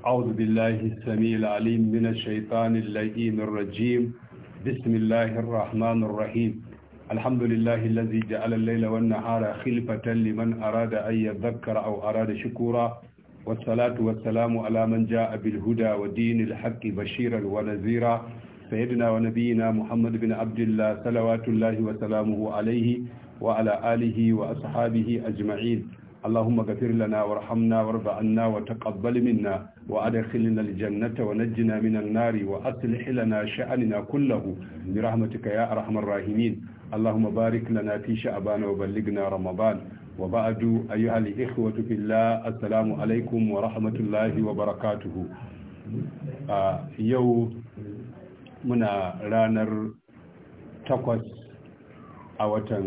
أعوذ بالله السميع العليم من الشيطان اللئيم الرجيم بسم الله الرحمن الرحيم الحمد لله الذي جعل الليل والنهار خلفة لمن أراد أن يذكر أو أراد شكورا والصلاة والسلام على من جاء بالهدى ودين الحق بشيرا ونذيرا سيدنا ونبينا محمد بن عبد الله صلوات الله وسلامه عليه وعلى آله وأصحابه أجمعين اللهم اغفر لنا وارحمنا وارض عنا وتقبل منا وادخلنا الجنة ونجنا من النار وأصلح لنا شأننا كله برحمتك يا أرحم الراحمين اللهم بارك لنا في شعبان وبلغنا رمضان وبعد أيها الإخوة في الله السلام عليكم ورحمة الله وبركاته آه يو منا رانر تقوس أوتن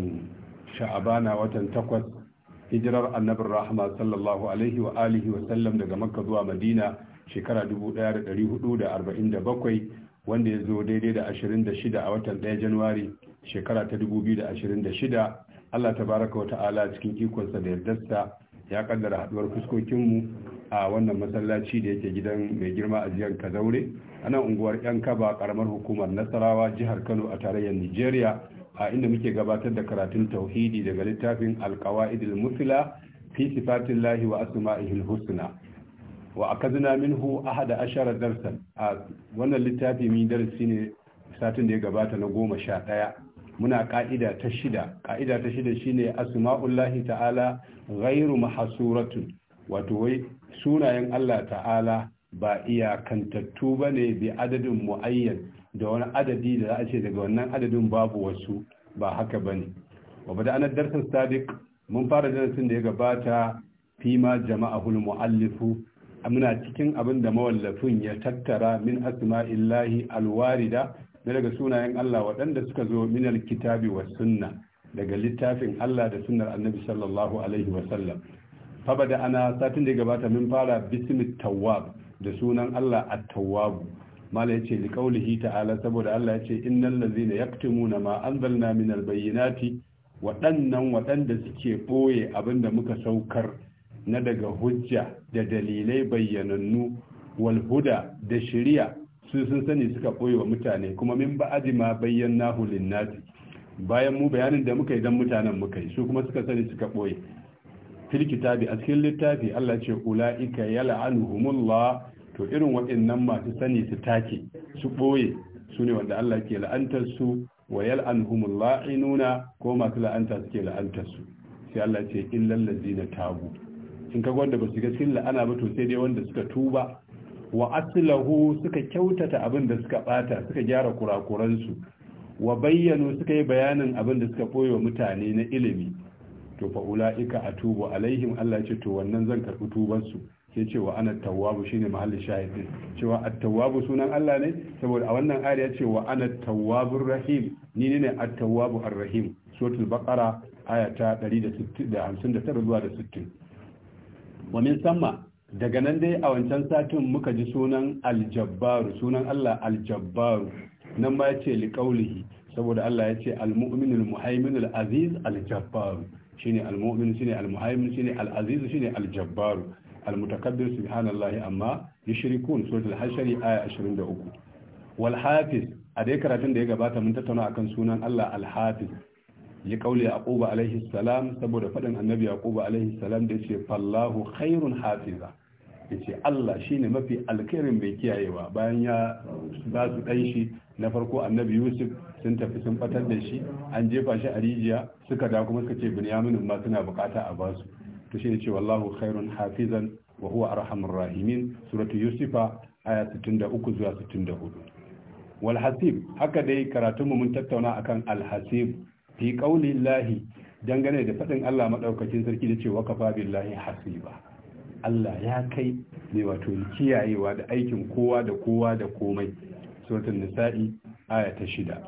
شعبان أوتن تقوس hijirar annabin rahama sallallahu alaihi wa alihi wa sallam daga makka zuwa madina shekara 1447 wanda ya zo daidai da 26 a watan 1 januwari shekara ta 2026 allah ta baraka wa ta'ala cikin ikonsa da yardarsa ya kaddara haduwar fuskokinmu a wannan masallaci da yake gidan mai girma a jihar kazaure a nan unguwar yan kaba karamar hukumar nasarawa jihar kano a tarayyar nigeria a inda muke gabatar da karatun tauhidi daga littafin idil musila fi sifatillahi wa asma'ihil husna wa minhu ahada ashara darsan a wannan littafi min darasi ne satin da ya gabata na goma sha ɗaya muna ka'ida ta shida ka'ida ta shida shine asma'ullahi ta'ala ghairu mahsuratun wato wai sunayen Allah ta'ala ba iyakantattu bane bi adadin muayyan da wani adadi da za a ce daga wannan adadin babu wasu ba haka ba ne wa bada anar darsin sadiq mun fara darasin da ya gabata fima jama'ahul mu'allifu muna cikin abin da mawallafin ya tattara min asma'illahi alwarida na daga sunayen Allah waɗanda suka zo min alkitabi wa sunna daga littafin Allah da sunnar annabi sallallahu alaihi wa sallam fa ana satin da ya gabata mun fara bismit tawwab da sunan Allah at tawwabu. mala yace li qaulihi ta'ala saboda Allah yace innal ladzina yaktumuna ma anzalna minal bayyinati waɗannan waɗanda suke ɓoye abin da muka saukar na daga hujja da dalilai bayyanannu walhuda da shiriya su sun sani suka ɓoye wa mutane kuma min ba'adi ma bayyana hulin bayan mu bayanin da muka yi don mutanen muka yi su kuma suka sani suka ɓoye fil kitabi a cikin littafi Allah ce ula'ika yal'anuhumullah to irin waɗannan masu sani su take su ɓoye su ne wanda Allah ke la'antar su wa yal'anhumul la'inuna ko masu la'anta suke la'antar su sai Allah ce illal ladina tabu in ka wanda ba su ga cikin la'ana ba to sai dai wanda suka tuba wa aslahu suka kyautata abin da suka bata suka gyara kurakuran su wa bayyana suka yi bayanin abin da suka koyo mutane na ilimi to fa ulaika atubu alaihim Allah ce to wannan zan karbi tuban ke cewa ana tawwabu shine mahallin shahid din cewa at-tawwabu sunan Allah ne saboda a wannan ayar ya ce wa ana tawwabur rahim ni ne at-tawwabu ar-rahim suratul baqara aya ta 159 zuwa da 60 wa min samma daga nan dai a wancan satin muka ji sunan Aljabbaru, sunan Allah al-jabbaru nan ma yace liqaulihi saboda Allah yace al-mu'minul muhaiminul aziz Aljabbaru shine al shine al shine al-aziz shine al almutakabbir subhanallahi amma yushrikun suratul hashri aya 23 wal hafiz a dai karatun da ya gabata mun tattauna akan sunan Allah al-hafiz ya kaule yaquba alaihi salam saboda fadin annabi yaquba alaihi salam da yace fallahu khairun hafiza yace Allah shine mafi alkhairin mai kiyayewa bayan ya ba su dan shi na farko annabi Yusuf sun tafi sun fatar da shi an jefa shi a rijiya suka da kuma suka ce binyaminu ma suna bukata a basu to shine ce wallahu khairun hafizan wa huwa arhamur rahimin suratu yusufa aya 63 zuwa 64 wal hasib haka dai karatun mu mun tattauna akan al hasib fi qaulillahi dangane da fadin Allah madaukakin sarki da cewa kafa billahi hasiba Allah ya kai ne wato kiyayewa da aikin kowa da kowa da komai suratul nisa'i aya ta shida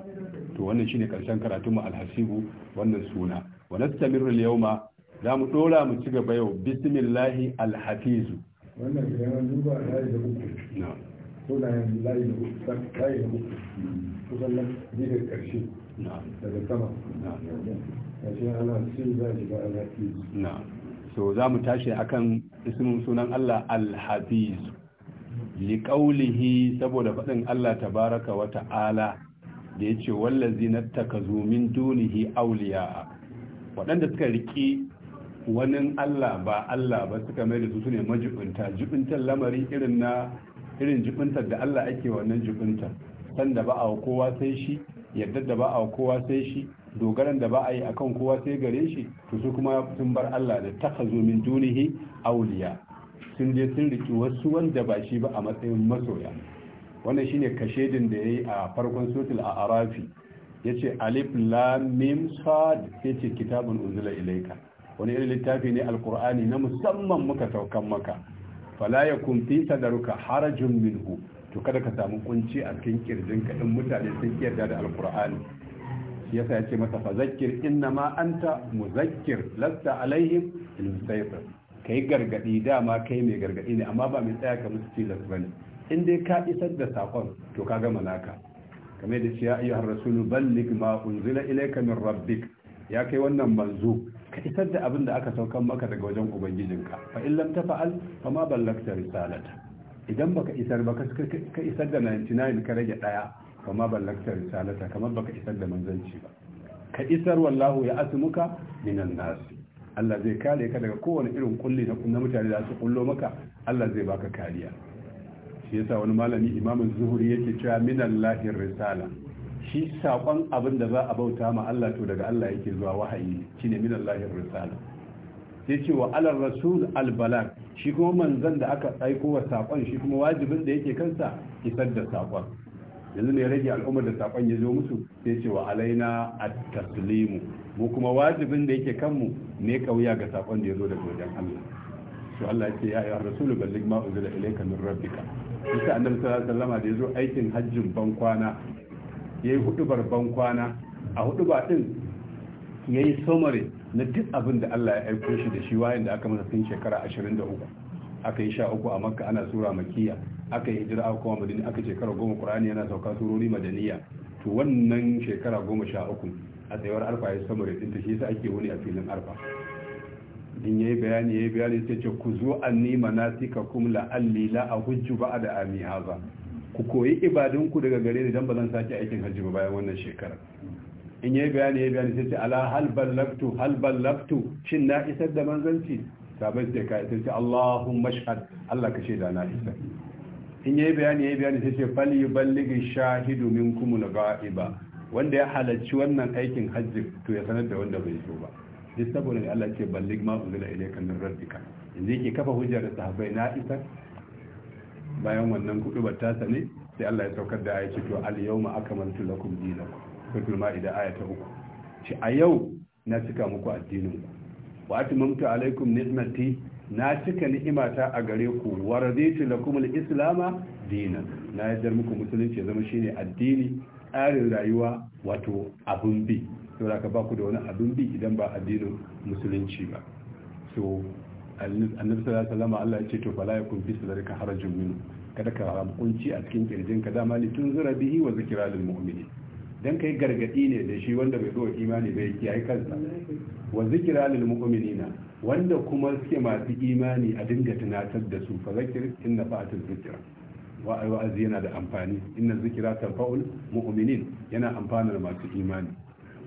to wannan shine karshen karatun mu al hasibu wannan suna wa nastamirru al yawma za mu dora mu ci gaba yau bismillahi alhafizu wannan idan an duba layi da uku ko na yanzu layi da uku layi da uku kusan nan biyar karshe daga sama karshe ana sun za shi ga alhafizu so za mu tashi akan ismin sunan Allah alhafizu liƙaulihi saboda faɗin Allah tabaraka wa ta'ala da ya ce wallazi na takazumin dunihi auliya waɗanda suka riƙi wani Allah ba Allah ba suka mai da su ne majibinta jibintar lamari irin na irin jibintar da Allah ake wannan jibintar san da ba a kowa sai shi yadda da ba a kowa sai shi dogaran da ba a yi akan kowa sai gare shi to su kuma sun bar Allah da hazo min dunihi awliya sun je sun riki wasu wanda ba shi ba a matsayin masoya wannan shine kashedin da yayi a farkon sutul a arafi yace alif lam mim sad yace kitabun unzila ilaika. wani irin littafi ne alkur'ani na musamman muka saukan maka fala ya kumfi sadaruka harajun minhu to kada ka samu kunci a cikin kirjin ka din mutane sun yarda da alkur'ani shi yasa yace masa fa zakkir ma anta muzakkir lasta alaihim ilmusaytir kai gargadi dama kai mai gargadi ne amma ba mai tsaya ka musu tilas ne in dai ka isar da sakon to ka gama naka kamar da ya ayyuhar rasulu ballig ma unzila ilayka min rabbik ya kai wannan manzo ka isar da abin da aka saukan maka daga wajen ubangijinka fa in lam tafa'al fa ma ballagta risalata idan baka isar ba ka isar da 99 ka rage daya fa ma ballagta risalata kamar baka isar da manzanci ba ka isar wallahu ya asmuka minan nas Allah zai kare ka daga kowane irin kulli na mutane da su kullo maka Allah zai baka kariya shi yasa wani malami imamin zuhuri yake cewa minallahi risala shi saƙon abin da za a bauta ma Allah to daga Allah yake zuwa wahayi ne minan Allahir risala ce wa alar rasul al balag shi kuma manzon da aka aiko wa saƙon shi kuma wajibin da yake kansa isar da saƙon yanzu ne rage al'ummar da saƙon ya zo musu sai ce wa alaina at-taslimu mu kuma wajibin da yake kanmu ne kauya ga saƙon da ya zo daga wajen Allah to Allah yake ya ayyuhar rasul balligh ma unzila ilayka min rabbika sai annabi sallallahu alaihi wasallam da ya zo aikin hajjin ban kwana ya yi barban kwana a huɗuba din ya yi somari na duk abin da Allah ya aiko shi da shi wayan da aka masa tun shekara 23 aka yi sha uku a makka ana sura makiya aka yi hijira aka kuma madina aka shekara goma qur'ani yana sauka surori madaniya to wannan shekara goma sha uku a tsayuwar alfa ya samare din ta shi yasa ake wuni a filin alfa din yayi bayani yayi bayani sai ce ku zo anni manasika kum la a la ahujju ba'da ami haza ku koyi ibadunku daga gare ni dan ba zan sake aikin hajji ba bayan wannan shekara in yayi bayani yayi bayani sai ce ala hal ballagtu hal ballagtu shin na isar da manzanci sabai sai kai sai ce allahumma shahad Allah ka shaida na isar in yayi bayani yayi bayani sai ce fal yuballighi shahidu minkum al-ghaiba wanda ya halarci wannan aikin hajji to ya sanar da wanda bai zo ba duk saboda Allah ce ballig ma unzila ilayka min rabbika yanzu yake kafa hujjar da sahabbai na isar bayan wannan ba ta sane sai Allah ya saukar da ya to al yawma akmaltu lakum dinakum suratul maida aya ta uku ce a yau na cika muku addinin ku wa atmamtu alaikum ni'mati na cika ni'imata a gare ku wa raditu lakum al-islama dinan na yaddar muku musulunci zama shine addini tsarin rayuwa wato abun bi saboda ka ba ku da wani abun bi idan ba addinin musulunci ba so annabi sallallahu alaihi wasallam Allah ya ce to fala yakun fi sadrika harajun minhu kada ka ramu kunci a cikin kirjin ka dama li tunzira bihi wa zikra lil mu'minin dan kai gargadi ne da shi wanda bai zuwa imani bai kiyaye kansa wa zikra lil mu'minina wanda kuma suke masu imani a dinga tunatar da su fa zakir inna fa'atul zikra wa wa'azi yana da amfani inna zikra tanfa'ul mu'minin yana amfanar masu imani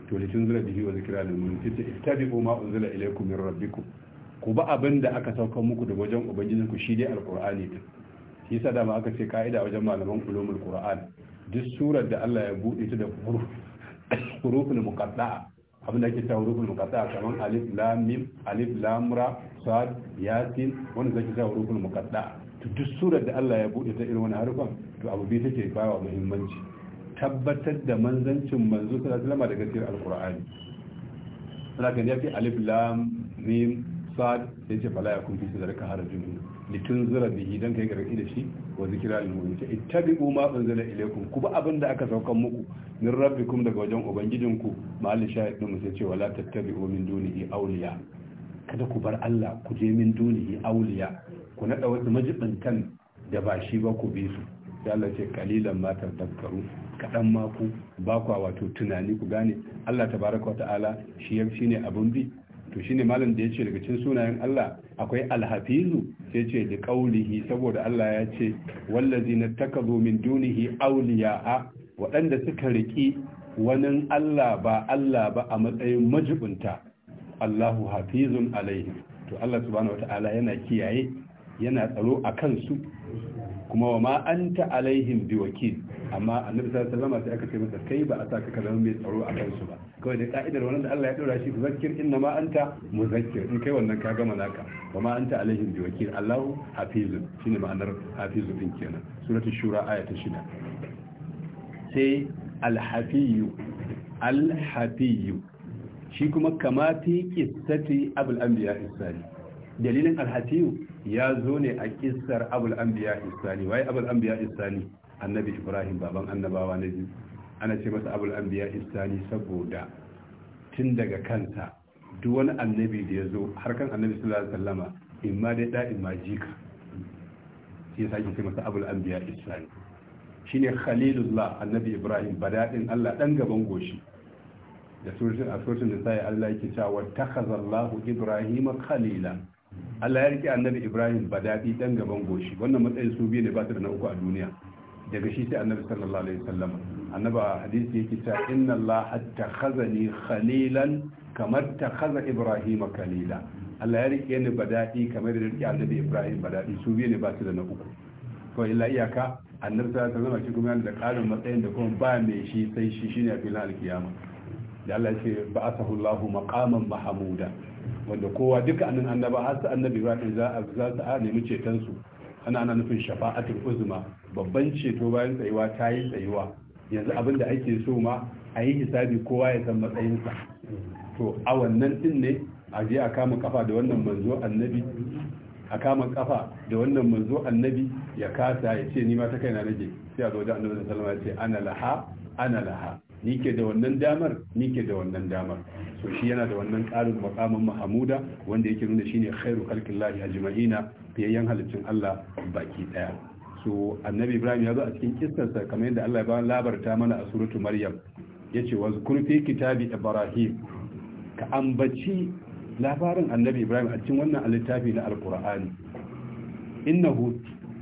to li tunzira bihi wa zikra lil mu'minin tace ittabi'u ma unzila ilaykum min rabbikum ku ba abin da aka saukar muku da wajen ubangijinku shi dai alkur'ani din shi yasa dama aka ce ka'ida wajen malaman ulumul qur'an duk surar da Allah ya bude ta da huruful muqatta'a abin da ake cewa huruful muqatta'a kamar alif lam mim alif lam ra sad yasin wanda zaki cewa huruful muqatta'a duk surar da Allah ya bude ta irin wani harufan to abu bi take bawa muhimmanci tabbatar da manzancin manzo sallallahu alaihi wasallam daga cikin alqur'ani sallaka ya fi alif lam mim sa'ad sai ce fala ya kunfi sadaka harajin litun zura bihi dan kai gargadi da shi wa zikira lil mu'min ta ittabi'u ma unzila ilaykum ku ba abinda aka saukan muku min rabbikum daga wajen ubangijinku mahalli shahid din sai ce wala tattabi'u min dunihi awliya kada ku bar Allah ku je min dunihi awliya ku nada wasu majibintan da ba shi ba ku bi su sai Allah ce kalilan ma tadakkaru kadan ma ku ba ku wato tunani ku gane Allah tabaraka wa ta'ala shi ne abun bi to shine malam da yace daga cikin sunayen Allah akwai alhafizu sai ce da qaulihi saboda Allah ya ce wallazi takazu min dunihi awliya'a waɗanda suka riki wani Allah ba Allah ba a matsayin majibunta Allahu hafizun alaihim to Allah subhanahu wata'ala yana kiyaye yana tsaro a kansu kuma wa ma anta alaihim biwakil amma annabi sallallahu alaihi wasallam sai aka ce masa kai ba a sa ka kalama mai tsaro a kansu ba kawai da ka'idar wannan da Allah ya dora shi muzakkir inna ma anta muzakkir in kai wannan ka gama naka wa ma anta alaihim biwakil Allahu hafizun shine ma'anar hafizun din kenan suratul shura aya ta 6 sai al-hafiyu al-hafiyu shi kuma kamati qissati abul anbiya isali dalilin alhatiyu ya zo ne a kissar abul anbiya isali wai abul anbiya isali annabi ibrahim baban annabawa na biyu ana ce masa abul anbiya isali saboda tun daga kanta duk wani annabi da ya zo har kan annabi sallallahu alaihi wasallama ma dai da in ma jika shi yasa ake ce masa abul anbiya isali shine khalilullah annabi ibrahim badadin Allah dan gaban goshi da surutun a surutun da sai Allah yake cewa takhazallahu ibrahima khalila Allah ya rike annabi Ibrahim ba daɗi dan gaban goshi wannan matsayin su biyu ne ba da na uku a duniya daga shi sai annabi sallallahu alaihi wasallam annaba hadisi yake ta inna Allah hatta khazani khalilan kamar ta khaza Ibrahim khalila Allah ya rike ni ba daɗi kamar da rike annabi Ibrahim ba daɗi su biyu ne ba da na uku to illa iyaka annabi sallallahu alaihi wasallam shi kuma yana da ƙarin matsayin da kuma ba mai shi sai shi shine a filin alkiyama da Allah ya ce ba'athahu Allahu maqaman mahmuda wanda kowa duka annan annaba har su annabi ibrahim za a su a nemi ceton su ana ana nufin shafa'atul uzma babban ceto bayan tsayuwa ta yi tsayuwa yanzu abin da ake so ma a yi hisabi kowa ya san matsayinsa to a wannan din ne a je a kama kafa da wannan manzo annabi a kama kafa da wannan manzo annabi ya kasa ya ce ni ma ta na rage. sai a zo da annabi sallallahu alaihi wasallam ya ce ana laha ana laha ni ke da wannan damar ni ke da wannan damar so shi yana da wannan ƙarin makamin mahamuda wanda yake nuna shine khairu khalqillahi ajma'ina fiyayyen halittun Allah baki daya so annabi Ibrahim ya zo a cikin kisarsa kamar yadda Allah ya ba labarta mana a suratu Maryam yace wa zkur fi kitabi Ibrahim ka ambaci labarin annabi Ibrahim a cikin wannan littafi na Alqur'ani innahu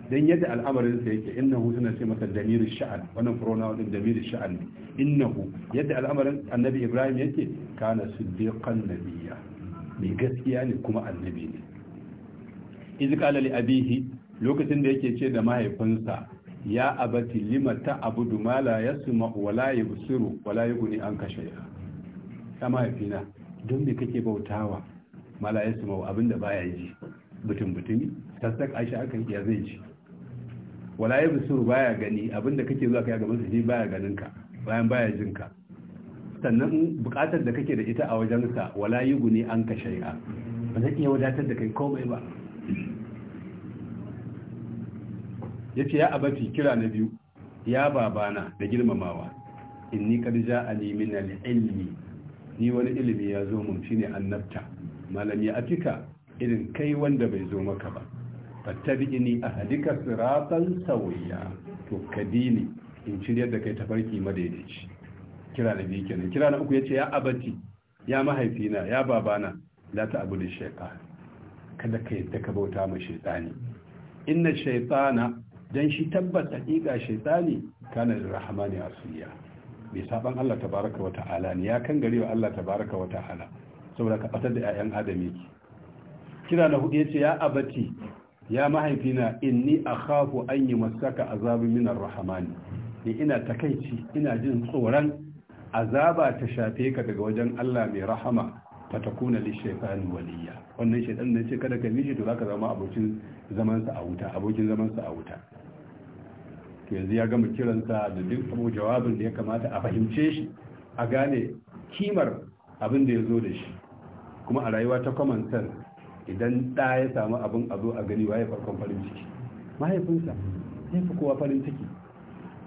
dan yadda al'amarin sa yake innahu suna ce masa damir sha'an wannan pronoun din damir sha'an innahu yadda al'amarin annabi ibrahim yake kana siddiqan nabiyya mai gaskiya ne kuma annabi ne iz qala li abihi lokacin da yake ce da mahaifinsa ya abati lima abudu ma la yasma wa la yubsiru wa la yughni anka shay'a ya mahaifina don me kake bautawa ma la yasma abinda baya ji butun butumi tasdak aisha akan iya zai ji wala ya bisuru baya gani abinda kake zuwa kai a gaban shi baya ganin ka bayan baya jin ka sannan bukatar da kake da ita a wajensa wala yi an ka shari'a ba zai iya wadatar da kai komai ba ya ce ya abafi kira na biyu ya babana da girmamawa inni karja a nemin al'ilmi ni wani ilimi ya zo mun shine annabta malami a cika irin kai wanda bai zo maka ba fattabi'ini ahdika siratan sawiya to kadini in shirya da kai tafarki madaidaici kira da biyu kenan kira na uku yace ya abati ya mahaifina ya babana la ta abu da shaytan kada ka yadda ka bauta ma shaytani inna shaytana dan shi tabbata ɗiga shaytani kana rahmani asiya bai saban Allah tabaraka wa ta'ala ne ya kan gari wa Allah tabaraka wa ta'ala saboda ka fatar da 'ya'yan adami yake kira na hudu yace ya abati ya mahaifina inni khafu an yi masaka azabin minar rahamani ni ina takaici ina jin tsoron azaba ta shafe ka daga wajen Allah mai rahama ta takuna lishaitani waliya wannan shaitan ne ce kada ka miji to zaka zama abokin zaman sa a wuta abokin zaman sa a wuta to yanzu ya gama kiransa da duk abu jawabin da ya kamata a fahimce shi a gane kimar abin da ya zo da shi kuma a rayuwa ta common idan ɗa ya samu abin a zo a gani waye farkon farin ciki mahaifinsa ya fi kowa farin ciki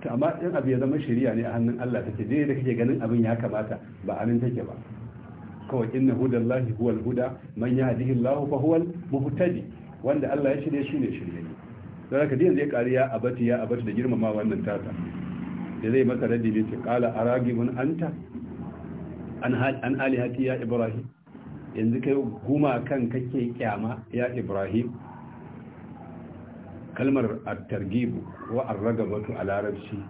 to amma in abu ya zama shari'a ne a hannun Allah take dai da kake ganin abin ya kamata ba anan take ba kawai inna lahi huwal huda man yahdihi Allah fa huwal muhtadi wanda Allah ya shirya shi ne shirye ne don haka din zai kari ya abati ya abati da girmama wannan tata da zai masa raddi ne ta qala aragibun anta an hal an alihati ya ibrahim yanzu kai guma kan kake kyama ya ibrahim kalmar at-targhib wa ar-ragabatu a larabci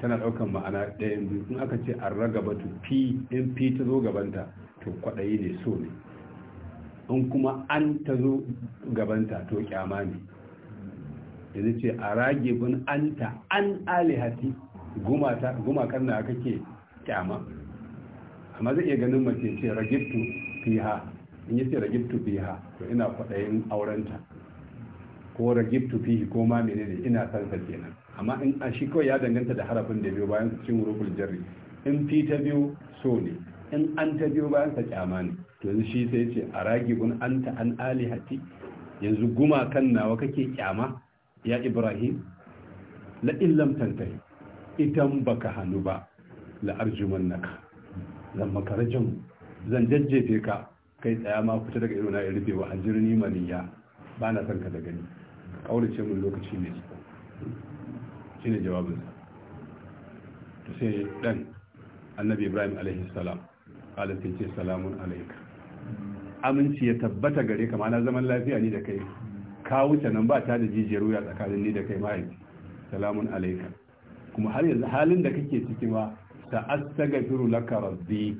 tana daukan ma'ana ɗaya yanzu in aka ce ar-ragabatu p in p ta zo gabanta to kwaɗayi ne so ne in kuma an ta zo gabanta to kyama ne yanzu ce a anta an alihati gumakan na kake kyama amma zai iya ganin mace ce ragibtu fiha in yace ragibtu fiha to ina kwaɗayin aurenta ko ragibtu fihi ko ma menene ina san sa kenan amma in a shi kawai ya danganta da harafin da biyo bayan cikin rukul jarri in fi ta biyo so ne in an ta biyo bayan sa kyama ne to yanzu shi sai ce a ragibun anta an alihati yanzu guma kan nawa kake kyama ya ibrahim la lam tantahi idan baka hannu ba la arjumannaka lamma karajamu zan jajjefe ka kai tsaya ma fita daga irin ya rufe wa jirni maniya ba na son ka da gani kaurace mun lokaci ne shi ne jawabinsa ta sai dan annabi ibrahim alaihi salam kala ce salamun alaika aminci ya tabbata gare ka ma na zaman lafiya ni da kai ka wuce nan ba ta da jijiyar wuya tsakanin ni da kai mahaifi salamun alaika kuma har yanzu halin da kake ciki ma ta astaghfiru laka rabbi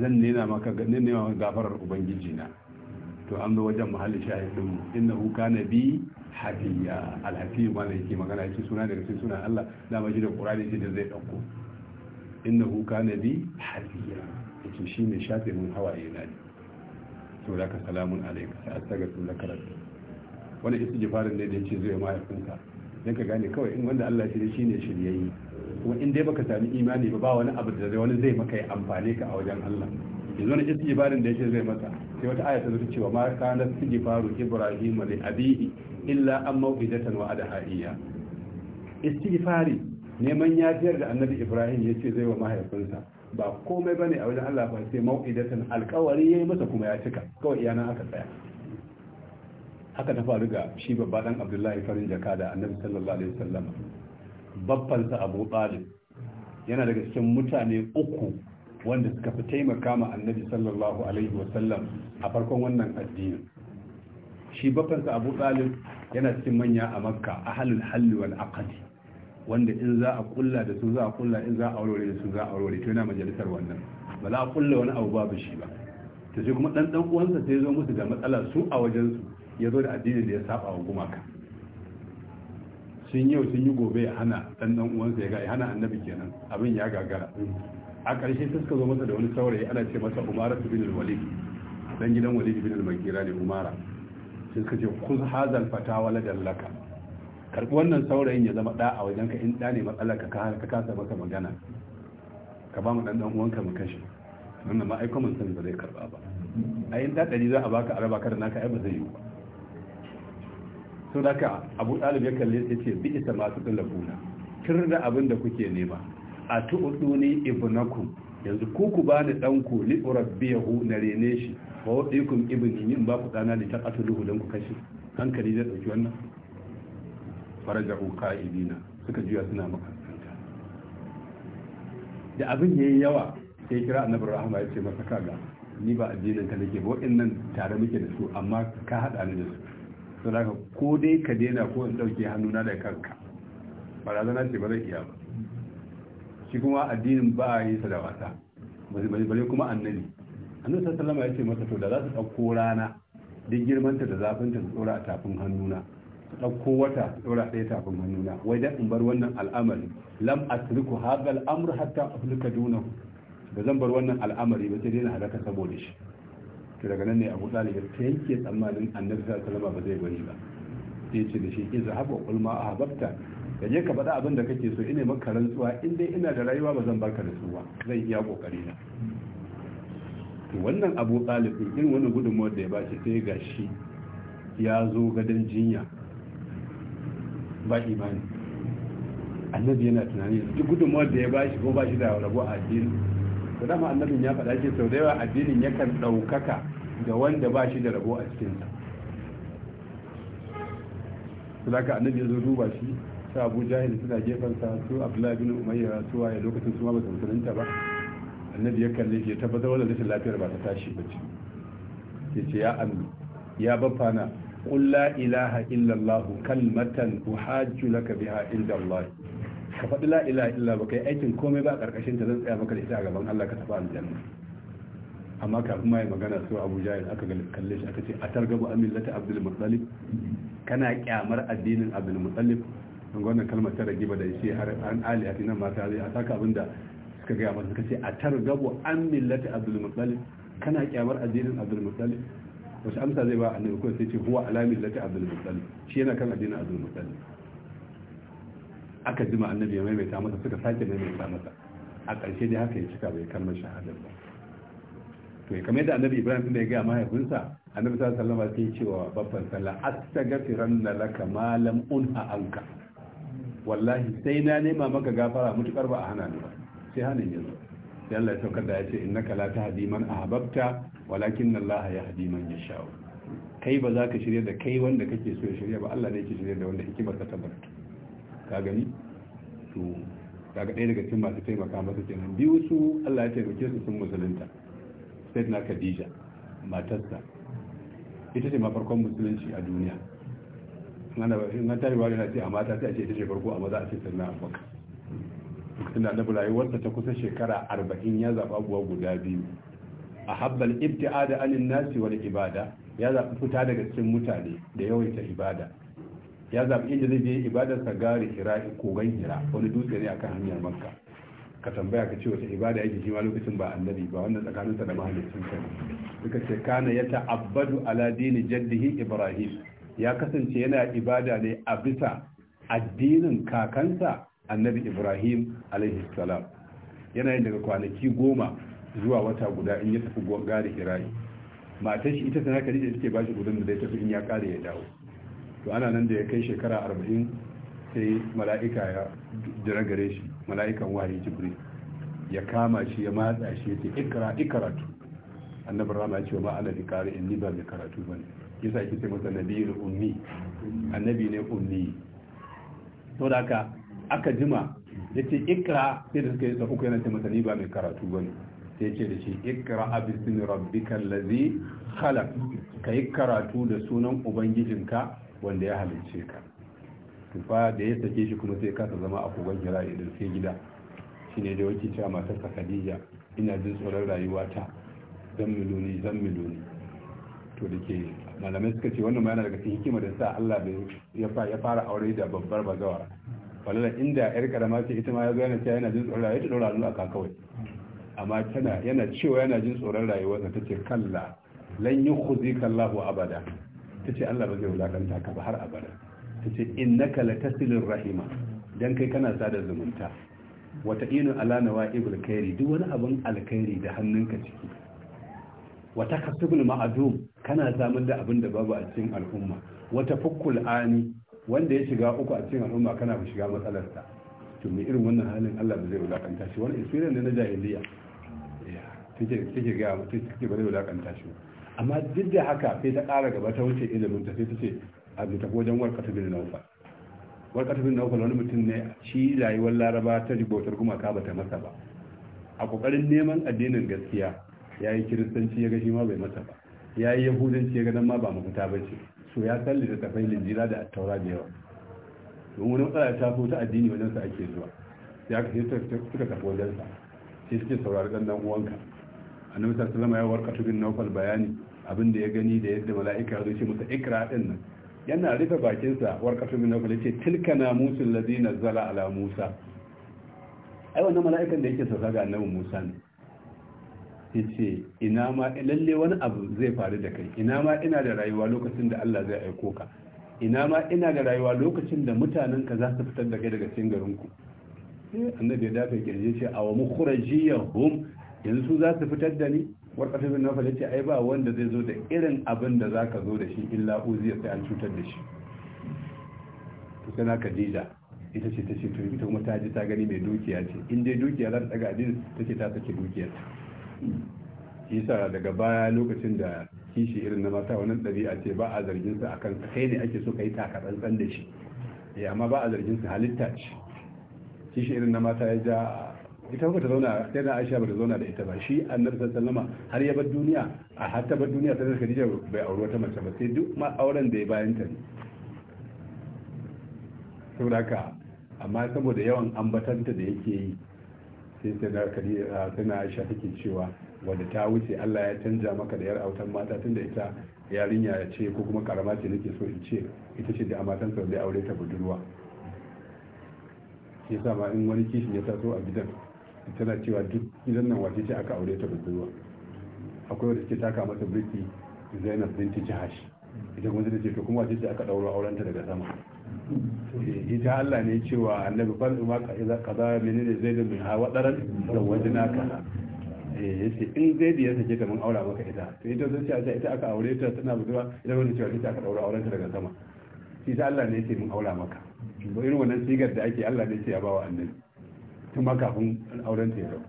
zan nena maka nema gafarar ubangiji na to an zo wajen muhalli shahidin hu kana bi hafiya alhafiyu ma da yake magana yake suna daga cikin suna Allah dama shi da Qur'ani shi da zai dauko hu kana bi hafiya yake shi ne shafe mun hawaye na ne to da ka salamun alaika sai astaga sun da karatu wani jifarin ne da yake zai mahaifinka dan ka gane kawai in wanda Allah shi ne shiryayye kuma in dai baka sami imani ba ba wani abu da zai wani zai maka ya amfane ka a wajen Allah yanzu wani istighfarin da yake zai masa sai wata aya ta zo cewa ma kana faru ibrahim li abihi illa an mawqidatan wa adahaiya istighfari neman yafiyar da annabi ibrahim ya ce zai wa mahaifinsa ba komai bane a wajen Allah ba sai mawqidatan alƙawari yayi masa kuma ya cika kawai iyana aka tsaya haka ta faru ga shi babba abdullahi farin jaka da annabi sallallahu alaihi wasallam babbansa abu talib yana daga cikin mutane uku wanda suka fi taimaka ma annabi sallallahu alaihi wasallam a farkon wannan addinin shi babbansa abu talib yana cikin manya a makka halin halli wal aqdi wanda in za a kulla da su za a kulla in za a aurore da su za a aurore to yana majalisar wannan ba za a kulla wani abu babu shi ba ta sai kuma ɗan uwansa sai zo musu da matsala su a wajen su ya zo da addinin da ya saba wa gumaka sun yau sun yi gobe ya hana dan uwansa ya ga ya hana annabi kenan abin ya gagara a ƙarshe sai suka zo masa da wani saurayi ana ce masa umara bin binul walid dan gidan walid bin makira ne umara sai suka ce kun hazal fatawa la dallaka karbi wannan saurayin ya zama da a wajen ka in da ne matsalar ka ka kasa maka magana ka ba mu dan dan uwanka mu kashe wannan ma aikomin kuma san ba zai karba ba a yin da dari za a baka araba ka da naka ai ba zai yi ba to da abu ɗalib ya kalli sai ce bi isa masu tallafuna kir da abin da kuke nema a tu'udu ni ibnaku yanzu ku ku ba ni ɗanku li urabbiyahu na rene shi wa waɗikun ibni yin ba ku ɗana da ta don ku kashe hankali zai ɗauki wannan faraja'u qa'idina suka juya suna makaranta da abin yayi yawa sai kira annabi rahama ya ce masa kaga ni ba addinin ka nake ba waɗannan tare muke da su amma ka hada ni da su to ko dai ka daina ko in dauke hannuna da kanka barazana ce ba zai iya ba shi kuma addinin ba a yi sa da wasa bale kuma annabi annabi sallallahu alaihi ya ce masa to da za su dauko rana duk ta da zafinta su tsora a tafin hannuna su dauko wata su tsora ɗaya tafin hannuna wai dan in bar wannan al'amari lam atruku hadha al'amr hatta aflika dunahu ba zan bar wannan al'amari ba sai dai na halaka saboda shi daga nan ne abu talib ta yanke tsammanin annabi sa salama ba zai bari ba sai ce da shi iza haba kulma a hababta ka je ka faɗa abin da kake so ina maka rantsuwa in dai ina da rayuwa ba zan baka rantsuwa zan iya kokari na to wannan abu talib irin wannan gudunmuwar da ya bashi sai ga shi ya zo gadon jinya ba imani annabi yana tunani duk gudunmuwar da ya bashi ko bashi da rabo a addini da dama annabin ya faɗa ce sau da yawa addinin yakan ɗaukaka ga wanda ba shi da rabo a cikinsa zaka annabi ya zo duba shi su abu jahil suna sa su abdullahi bin umayya su waye lokacin su ma ba su musulunta ba annabi ya kalle shi ya tabbatar wannan rashin lafiyar ba ta tashi ba ce ya ce ya ammi ya bafana qul la ilaha illallah kalmatan uhajju laka biha inda allah ka faɗi la ilaha illa ba kai aikin komai ba a ƙarƙashin ta zan tsaya maka da ita a gaban allah ka tafi aljanna amma kafin ma yi magana su abu jahil aka kalle shi aka ce a targaba an millata abdul muttalib kana kyamar addinin abdul muttalib don wannan kalmar ta rage ba da shi har an ali hati nan mata zai a saka abin da suka gaya masu suka ce a targaba an millata abdul muttalib kana kyamar addinin abdul muttalib wasu amsa zai ba annabi ko sai ce huwa ala millati abdul muttalib shi yana kan addinin abdul muttalib aka jima annabi ya maimaita masa suka sake maimaita masa a ƙarshe dai haka ya cika bai kalmar shahadar ba to kamar yadda annabi ibrahim da ya gaya mahaifinsa annabi sallallahu alaihi sai cewa babban sallah astaghfiranna laka ma lam unha anka wallahi sai na nema maka gafara mutukar ba a hana ni ba sai hanin yanzu sai Allah ya saukar da ya ce innaka la tahdi man ahbabta walakin Allah yahdi man yasha kai ba za ka shirya da kai wanda kake so ya shirya ba Allah ne yake shirya da wanda barka ta barka ka gani to daga ɗaya daga cikin masu taimaka masa kenan biyu su Allah ya taimake su sun musulunta sayyidina khadija matarsa ita ce mafarkon musulunci a duniya na ta yi wari na ce a mata sai a ce ita ce farko a maza a ce sayyidina abubakar lokacin da annabi wata ta kusa shekara arba'in ya zaɓa abuwa guda biyu a habbal ibti'ada anin nasi wal ibada ya zaɓi fita daga cikin mutane da yawaita ibada ya zaɓi inda zai je ibadarsa gari hira kogon hira wani dutse ne akan hanyar makka ka tambaya ka ce wata ibada yake shi ma lokacin ba annabi ba wannan tsakaninsa da mahalicin sa Duka ce kana ya ta'abbadu ala dini jaddihi ibrahim ya kasance yana ibada ne a bisa addinin kakansa annabi ibrahim alaihi salam yana yin daga kwanaki goma zuwa wata guda in ya tafi gari kirayi matar shi ita tana kari da take shi gudun da ya tafi in ya kare ya dawo to ana nan da ya kai shekara arba'in sai mala'ika ya jira gare shi mala'ikan wahayi jibril ya kama shi ya matsa shi ya ce ikra ikaratu annabi rama ya ce ma ala bikari in ni ba mai karatu ba ne yasa yake ce masa nabiyul ummi annabi ne ummi to da aka aka jima ya ce ikra sai da suka yi sa uku yana ce masa ni ba mai karatu ba ne sai ce da shi ikra abisin rabbikal allazi khalaq kai karatu da sunan ubangijinka wanda ya halicce ka tufa da ya sake shi kuma sai kasa zama a kogon kira idan sai gida shi ne da wakil cewa matarsa khadija ina jin tsoron rayuwata zan miloni zan miloni to da ke malamai suka ce wannan yana daga cikin hikima da sa Allah ya fara aure da babbar bazawa walala inda yar karama ce ita ma ya zo yana cewa yana jin tsoron rayuwa ta dora hannu akan kawai amma tana yana cewa yana jin tsoron rayuwarsa ta ce kalla lan kuzi kallahu abada ta ce Allah ba zai wulakanta ka ba har abada ta ce innaka latasilur rahima dan kai kana sada zumunta wata inu ala ibul khairi duk wani abin alkhairi da hannunka ciki wata kasubul ma'adum kana samun da abin da babu a cikin al'umma wata fukkul ani wanda ya shiga uku a cikin al'umma kana ba shiga matsalarsa to me irin wannan halin Allah ba zai wulakanta shi wani isirin ne na jahiliya take take ga mutum take ba zai wulakanta shi amma duk da haka sai ta ƙara gaba ta wuce ilimin ta sai ta ce a bi ta wajen warkata bin naufal warkata bin naufal wani mutum ne shi rayuwar laraba ta bautar gumaka ba ta masa ba a kokarin neman addinin gaskiya ya yi kiristanci ya ga ma bai masa ba ya yi yahudanci ya ga nan ma ba mafita ba ce so ya da littattafai linjira da attaura da yawa don wani matsala ta so ta addini wajen sa ake zuwa ya ka suka tafi wajen sa sai suke saurari dan dan uwanka annabi sallallahu alaihi wasallam ya warkatu bin naufal bayani abin da ya gani da yadda mala'ika ya zo ce masa ikra din nan yana rufe bakinsa warqatu min nawfal ce tilka namusul na zala ala musa ai wannan mala'ikan da yake sassa ga annabi musa ne ce, ina ma lalle wani abu zai faru da kai ina ma ina da rayuwa lokacin da Allah zai aiko ka ina ma ina da rayuwa lokacin da mutanen ka za su fitar da kai daga cikin garin ku sai annabi ya dafa kirje ce aw mukhrajiyahum yanzu za su fitar da ni warkatu bin nufal yace ai ba wanda zai zo da irin abin da zaka zo da shi illa ya sai an cutar da shi to kana Khadija ita ce ta ce to ita kuma ta ji ta gani mai dukiya ce in dai dukiya za ta daga ta take ta sake dukiya ta sa daga baya lokacin da kishi irin na mata wannan ɗabi'a ce ba a zargin su akan sa kai ne ake so kai taka tsantsan da shi eh amma ba a zargin su halitta ce kishi irin na mata ya ja ita ba ta zauna sai da Aisha ba ta zauna da ita ba shi Annabi sallallahu alaihi har ya bar duniya a har ta bar duniya sai da Khadija bai aure wata mace ba sai duk ma auren da ya bayan ta ne saboda haka amma saboda yawan ambatanta da yake yi sai sai da Khadija sai Aisha take cewa wanda ta wuce Allah ya canja maka da yar autan mata tunda ita yarinya ya ce ko kuma karama ce nake so in ce ita ce da amatan sa zai aure ta budurwa shi yasa in wani kishin ya taso a gidan tana cewa duk gidan nan wace ce aka aure ta budurwa akwai wata ce taka mata birki zainab binti jahash ita kuma zai ce to kuma wace ce aka dauro aurenta daga sama ita Allah ne cewa annabi ban ma kaza menene zaidun min hawa daran da wajina kaza eh, ya ce in zai da ya sake ta mun aura maka ita to ita sun ce ita aka aure ta tana budurwa ita wani cewa ita aka daura auren ta daga sama ita Allah ne ya ce mun aura maka irin wannan sigar da ake Allah ne ya ce ya bawa annabi tun ma kafin auren ta yau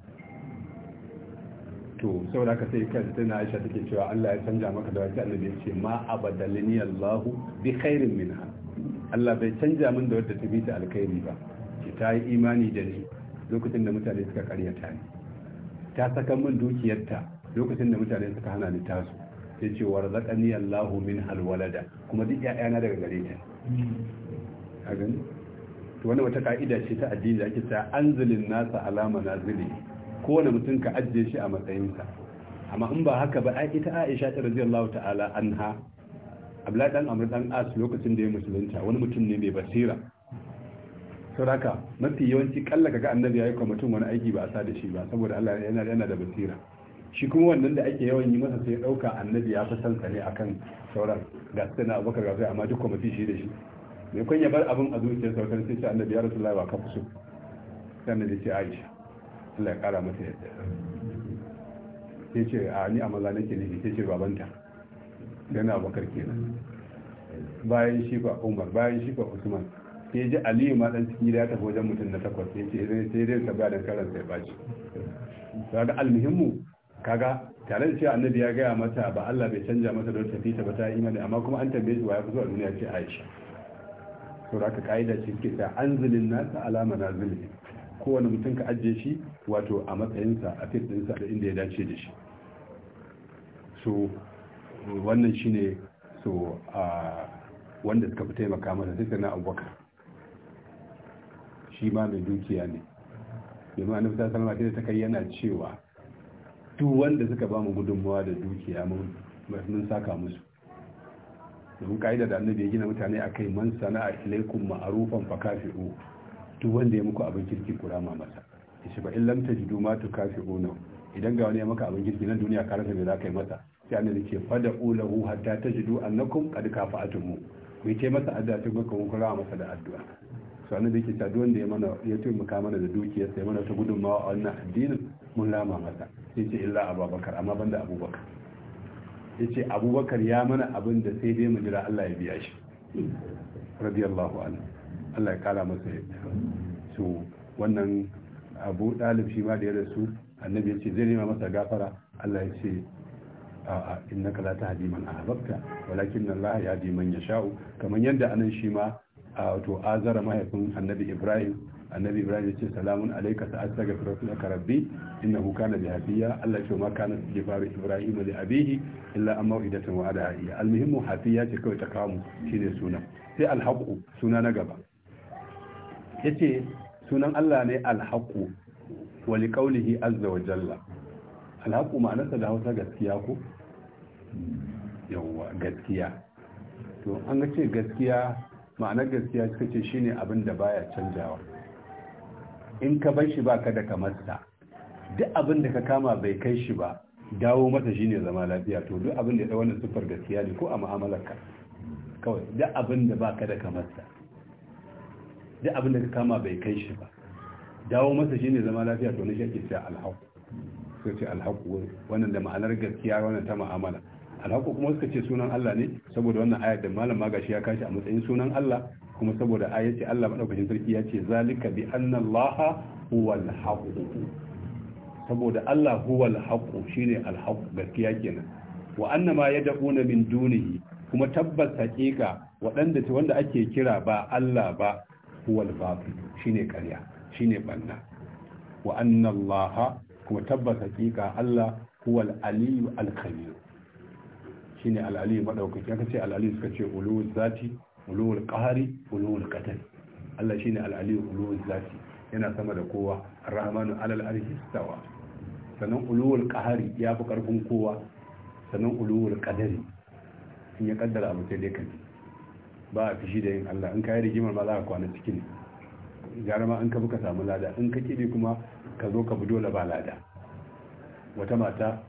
to saboda ka sai kai ta na Aisha take cewa Allah ya canja maka da wata annabi ce ma abadalini Allahu bi khairin minha Allah bai canja min da wadda ta bi ta alkhairi ba ki ta yi imani da ni lokacin da mutane suka karyata ni ta saka min dukiyarta lokacin da mutane suka hana ni tasu sai ce wa razaqani Allahu min halwalada kuma duk ƴaƴana daga gare ta a gani to wani wata ka'ida ce ta addini da ake ta anzilin nasa alama nazili kowane mutum ka ajiye shi a matsayinsa amma in ba haka ba ai ita Aisha ta radiyallahu ta'ala anha Abdullahi dan Amr dan As lokacin da ya musulunta wani mutum ne mai basira saboda mafi yawanci kalla kaga annabi yayi kuma mutum wani aiki ba a sa da shi ba saboda Allah yana yana da basira shi kuma wannan da ake yawan yi masa sai dauka annabi ya fi sansa ne akan sauran gasu sai na Abubakar ga sai amma duk kuma shi da shi bai kwanye ya bar abin a zuciyar saukar sai ce annabi ya rasu ba ka fi so sai annabi ce aisha Allah ya kara mata yadda sai ce a ni a maza nake ne sai ce babanta yana na bakar kenan bayan shi ba umar bayan shi ba usman sai ji aliyu ma dan cikin da ya tafi wajen mutum na takwas sai ce sai dai tabbata da karan sai baci kaga almuhimmu kaga tare da cewa annabi ya gaya mata ba Allah bai canja mata don tafita ba ta imani amma kuma an tambaye shi wa ya fi zuwa duniya ce Aisha to da aka ka'ida ce suke ta anzilin nasa alama na zilin kowane mutum ka ajiye shi wato a matsayinsa a fitinsa da inda ya dace da shi so wannan shi ne so a wanda suka fi taimaka masa sai na abubakar shi ma mai dukiya ne domin annabi ta salama ta kai yana cewa duk wanda suka ba mu gudunmawa da dukiya mun saka musu domin ka'ida da annabi ya gina mutane a kai man sana'a ilaikun ma'arufan fa o duk wanda ya muku abin kirki ku rama masa yace ba illam tajidu ma na idan ga wani ya maka abin kirki nan duniya karanta mai za ka yi masa sai annabi ce fada ulahu hatta tajidu annakum qad mu ku ce masa addu'a ta gurkan ku masa da addu'a so annabi ke ta wanda ya mana ya taimaka mana da dukiyar sai mana ta gudunmawa a wannan addinin mun lama masa sai ce illa abubakar amma banda abubakar ya ce abubakar ya mana abin da sai dai mu jira allah ya biya shi radiyallahu anhu allah ya kara masa yadda so wannan abu dalib shi ma da ya rasu annabi ya ce zai nema masa gafara allah ya ce a'a innaka la tahdi man ahbabta walakin allah hadiman man yasha'u kamar yadda anan shi ma to azara mahaifin annabi ibrahim annabi ibrahim ya ce salamun alaika ta asaga firasuka rabbi innahu kana bi hafiya allah ce ma kana su faru ibrahim da abihi illa an mau'idatan wa ada hiya almuhimmu hafiya ce kawai ta kamu shine suna. sai alhaqu suna na gaba yace sunan allah ne alhaqu wa li qawlihi azza wa jalla alhaqu ma'anarsa da hausa gaskiya ko yawwa gaskiya to an ga ce gaskiya ma'anar gaskiya suka ce shine abin da baya canjawa in ka bar shi baka da kamarsa duk abin da ka kama bai kai shi ba dawo masa shine zama lafiya to duk abin da ya wannan sufar gaskiya ne ko a ka kawai duk abin da baka da kamarsa duk abin da ka kama bai kai shi ba dawo masa shine zama lafiya to ne shi ake cewa alhaq sai ce alhaq wannan da ma'anar gaskiya wannan ta mu'amala alhaku kuma suka ce sunan Allah ne saboda wannan ayar da malam magashi ya kashi a matsayin sunan Allah kuma saboda ayar ce Allah madaukakin sarki ya ce zalika bi anna Allah huwal haqq saboda Allah huwal haqq shine al haqq gaskiya kenan wa annama yad'una min dunihi kuma tabbas haƙiƙa waɗanda wanda ake kira ba Allah ba huwal batil shine ƙarya shine banna wa anna Allah kuma tabbas haƙiƙa Allah huwal aliyu al-khabir shine al'ali madaukaki aka ce al'ali suka ce ulul zati ulul qahari ulul qadar Allah shine al'ali ulul zati yana sama da kowa ar-rahmanu alal arshi istawa sannan ulul qahari ya fi karfin kowa sanan ulul qadari in ya kaddara abu sai dai kan ba a fishi da yin Allah in kai rigimar ma za ka kwana cikin jarama in ka buka samu lada in ka kide kuma ka zo ka bi dole ba lada wata mata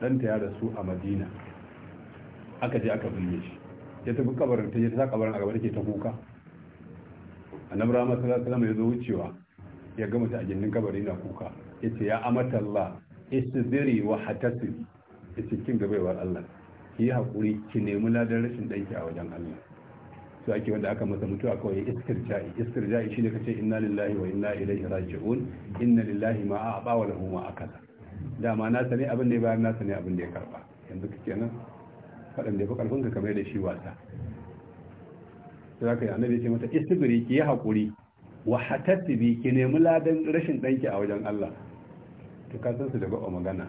ɗanta ya rasu a madina aka je aka binne shi ya tafi kabarin ta je ta sa kabarin a gaba take ta kuka annabi rahama sallallahu alaihi wasallam ya zo wucewa ya ga mutum a gindin kabari na kuka yace ya amata Allah istidiri wa hatasi yace kin ga baiwar Allah ki hakuri ki nemi ladan rashin danki a wajen Allah su ake wanda aka masa mutuwa kawai istirja'i istirja'i shine kace inna lillahi wa inna ilaihi raji'un inna lillahi ma a'ba wa lahu ma akala dama na sani abin da ya bayar na sani abin da ya karba yanzu kike nan faɗan da fi karfin ka kamar da shi wasa sai zaka yi annabi ce mata istibiri ki yi hakuri wa hatatibi ki nemi ladan rashin ɗanki a wajen Allah to ka san su da gaba magana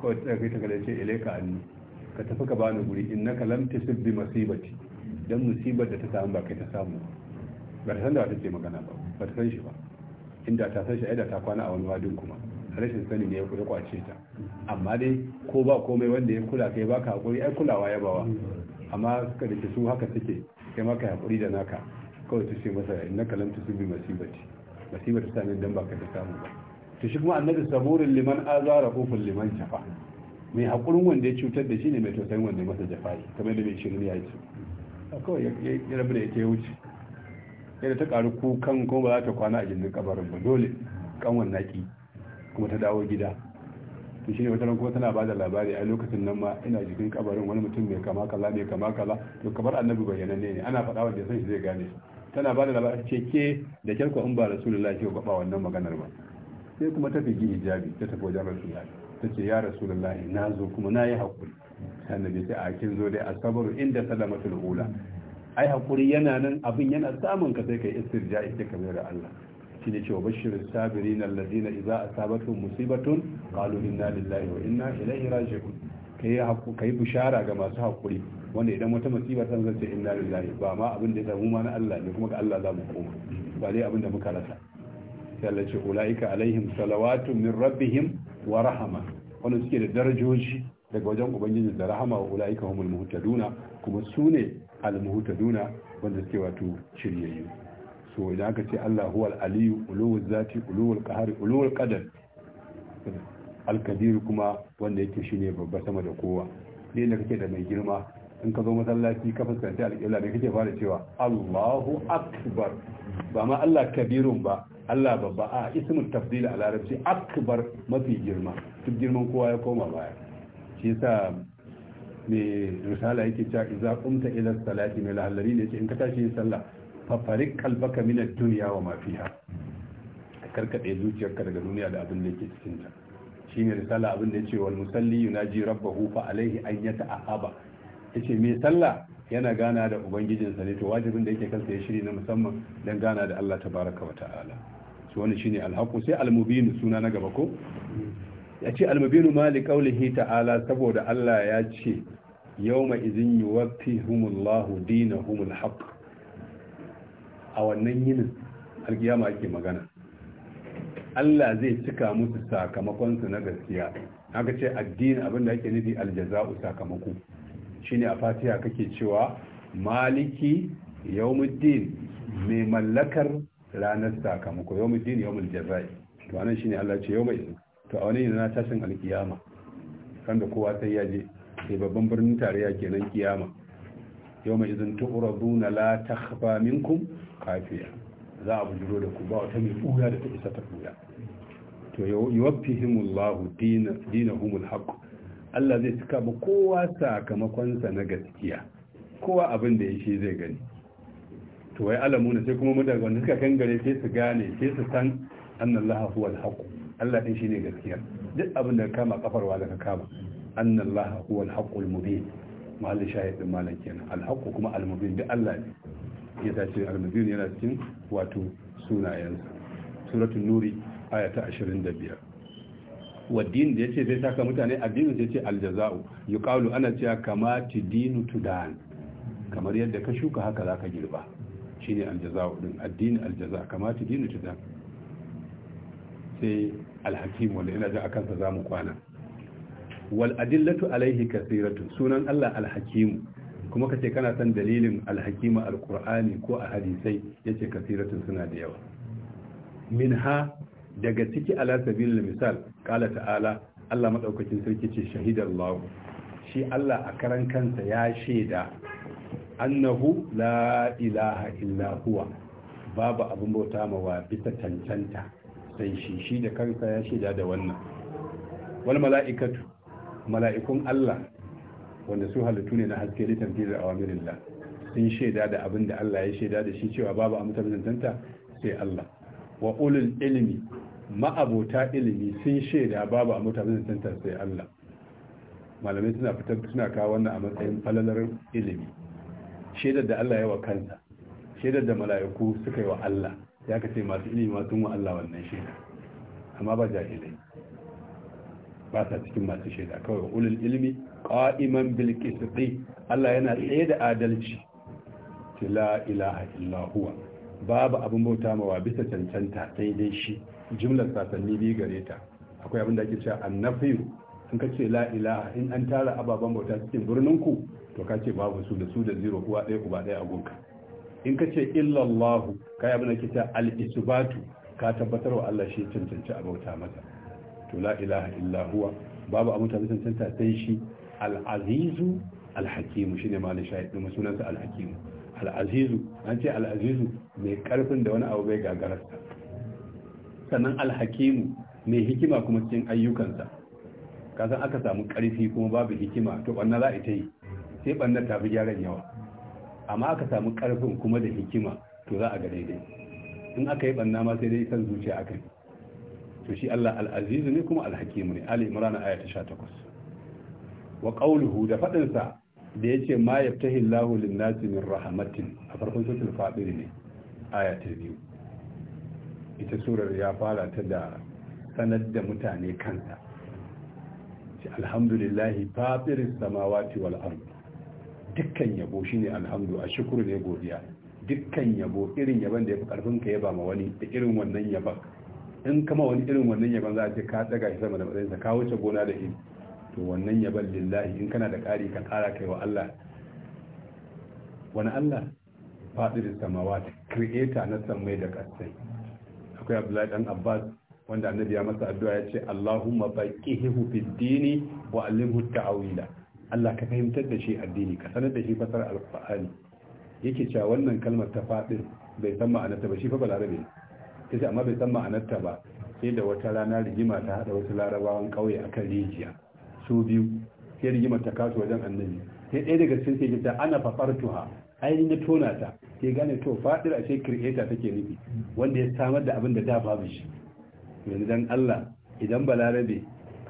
ko ta kai ta kada ce ka anni ka tafi ka bani guri in na lam ta bi masibati don musibar da ta samu ba kai ta samu ba ta san da wata ce magana ba ba ta san shi ba inda ta san shi ai da ta kwana a wani wadin kuma rashin sani ne ya kwace ta amma dai ko ba komai wanda ya kula kai baka hakuri ai kulawa ya bawa amma suka da su haka suke kai maka hakuri da naka kawai ta ce masa inna kalam tusibi masibati masibati ta ne dan baka ta samu ba to shi kuma annabi saburin liman azara kufin liman shafa mai hakurin wanda ya cutar da shi ne mai tausayin wanda ya masa jafa'i kamar da mai shirin ya yi kawai ya rabu da ya wuce yadda ta karu kukan kuma ba za ta kwana a jirgin kabarin ba dole wannan naki kuma ta dawo gida to shine wata kuma tana bada labari a lokacin nan ma ina jikin kabarin wani mutum mai kama kaza mai kama kaza to kamar annabi bayyana ne ne ana faɗa wanda san shi zai gane tana bada labari ce ke da kyarko in ba rasulullahi ke gaba wannan maganar ba sai kuma ta figi hijabi ta tafi wajen rasulullahi ta ce ya rasulullahi na zo kuma na yi haƙuri annabi sai a kin zo dai asabaru inda salamatul ula ai haƙuri yana nan abin yana samun ka sai kai istirja'i sai ka mai Allah ne cewa bashirin sabirin iza a sabatun musibatun kalu inna lillahi wa inna ilaihi raji'un kai kai bishara ga masu haƙuri. wanda idan wata musiba ta zance inna lillahi ba ma abin da ya samu ma na Allah ne kuma ga Allah za mu koma ba dai abin da muka rasa sai Allah ce ulaika alaihim salawatun min rabbihim wa rahama wanda suke da darajoji daga wajen ubangiji da rahama wa ulaika humul muhtaduna kuma su ne al muhtaduna wanda suke wato shiryayyu so idan aka ce Allah huwa al-aliyu uluwul zati uluwul qahari uluwul qadar al-kabir kuma wanda yake shine babba sama da kowa ne da kake da mai girma in ka zo masallaci ka fuskanci al-qibla ne kake fara cewa Allahu akbar ba ma Allah kabirun ba Allah babba a ismul tafdil a larabci akbar mafi girma duk girman kowa ya koma baya shi yasa mai risala yake cewa idza qumta ila salati mai lahallari ne ce in ka tashi sallah fafarik kalbaka min ad-dunya wa ma fiha karkade zuciyarka daga duniya da abin da yake cikin ta shine risala abin da ce wal musalli yunaji rabbahu fa alaihi an Ya yace me sallah yana gana da ubangijinsa ne to wajibin da yake kansa ya shiri na musamman dan gana da Allah tabaraka wa ta'ala to wannan shine alhaqu sai almubinu suna na gaba ko ya ce almubinu mali qawlihi ta'ala saboda Allah ya ce yawma idhin yuwaffihumullahu dinahumul haqq a wannan yinin alkiyama ake magana Allah zai cika musu sakamakonsu na gaskiya haka ce addini abinda ake nufi aljaza'u sakamako shine a fatiha kake cewa maliki yawmuddin mai mallakar ranar sakamako yawmuddin yawmul jaza'i to anan shine Allah ce yawma idin to a wani yana tashin alkiyama da kowa sai ya je sai babban birnin tarayya kenan kiyama yawma idin tu'raduna la takhfa minkum kafiya za a bujiro da ku ba wata mai fuya da ta isa ta fuya to yuwaffihimullahu humul haqq Allah zai cika ba kowa sakamakonsa na gaskiya kowa abin da ya shi zai gani to wai alamu ne sai kuma mutane wanda suka gare sai su gane sai su san annallahu huwal haqq Allah din shine gaskiya duk abin da kama kafarwa da ka kama annallaha huwal haqqul mubin mahallin shahidin malan kenan al kuma al mubin duk Allah ne ya dace al-nazir yana cikin wato sunayensa suratul nuri aya ta 25 waddin da yace zai saka mutane addinin sai ce aljaza'u yuqalu ana cewa kama tidinu tudan kamar yadda ka shuka haka zaka girba shine aljaza'u din addini aljaza kama tidinu tudan sai alhakim wanda yana jin akan sa zamu kwana wal adillatu alaihi kathiratu sunan Allah alhakim kuma kace kana san dalilin alhakima alqur'ani ko a hadisai yace kasiratun suna da yawa minha daga ciki ala sabilil misal qala ta'ala Allah madaukakin sarki ce shahidallahu shi Allah a karan kansa ya shaida annahu la ilaha illa huwa babu abin bauta mawa bisa cancanta sai shi shi da kansa ya shaida da wannan wal mala'ikatu mala'ikun Allah wanda su halittu ne na haske da tamfizar da, sun shaida da abin da Allah ya shaida da shi cewa babu a mutabbatanta sai Allah wa ulul ilimi ma'abota ilimi sun shaida babu a mutabbatanta sai Allah malamai suna fitar suna kawo wannan a matsayin falalar ilimi shaidar da Allah ya wa kansa shaidar da mala'iku suka yi wa Allah ya kasai masu ilimi ma sun wa Allah wannan shaida amma ba jahilai ba sa cikin masu shaida kawai ulul ilmi qa'iman bil qisti Allah yana tsaye da adalci la ilaha illa babu abin bauta mawa bisa cancanta sai dai shi jumlar sasanni biyu gare ta akwai abin da ake cewa annafiyu in ka ce la ilaha in an tara ababen bauta cikin birnin ku to ka ce babu su da su da zero uwa ɗaya uba ɗaya gonka. in ka ce illallahu ka yi abin da ke al-isbatu ka tabbatar wa Allah shi cancanci a bauta masa to la ilaha illa huwa babu abin tabi cancanta sai shi al-azizu al-hakimu shine malin shahid sunan sunansa al-hakimu al-azizu an ce al-azizu mai karfin da wani abu bai gagararsa sannan al-hakimu mai hikima kuma cikin ayyukansa Ka san aka samu karfi kuma babu hikima to banna za a yi sai banna ta fi gyaran yawa amma aka samu karfin kuma da hikima to za a ga daidai in aka yi banna ma sai dai san zuciya aka yi to shi Allah al-aziz ne kuma al ne ali imran aya ta 18 wa qawluhu da fadin sa da yace ma yaftahi Allahu lin-nasi min rahmatin a farkon suratul fatir ne aya ta 2 ita surar ya fara ta da sanar da mutane kansa ce alhamdulillahi fatiris samawati wal ard dukkan yabo shine alhamdu a shukuru ne godiya dukkan yabo irin yaban da ya fi karfin ka yaba ma wani da irin wannan yaban in kama wani irin wannan yaban za a ce ka daga shi sama da matsayinsa ka wuce gona da iri to wannan yaban lillahi in kana da ƙari ka ƙara kai wa Allah wani Allah faɗi da samawa ta creator na samai da ƙasai akwai Abdullahi dan Abbas wanda annabi ya masa addu'a ya ce Allahumma faqihihu fi dini wa allimhu ta'wila Allah ka fahimtar da shi addini ka sanar da shi fasar alqur'ani yake cewa wannan kalmar ta fadir bai san ma'anarta ba shi fa balarabe ne ta ce amma bai san ma'anarta ba sai da wata rana rigima ta hada wasu larabawan kauye a kan rijiya su biyu sai rigima ta kasu wajen annabi sai ɗaya daga cikin sai ta ana fafartuha ainihin na tona ta sai gane to faɗir a sai creator take nufi wanda ya samar da abin da da babu shi yanzu dan Allah idan balarabe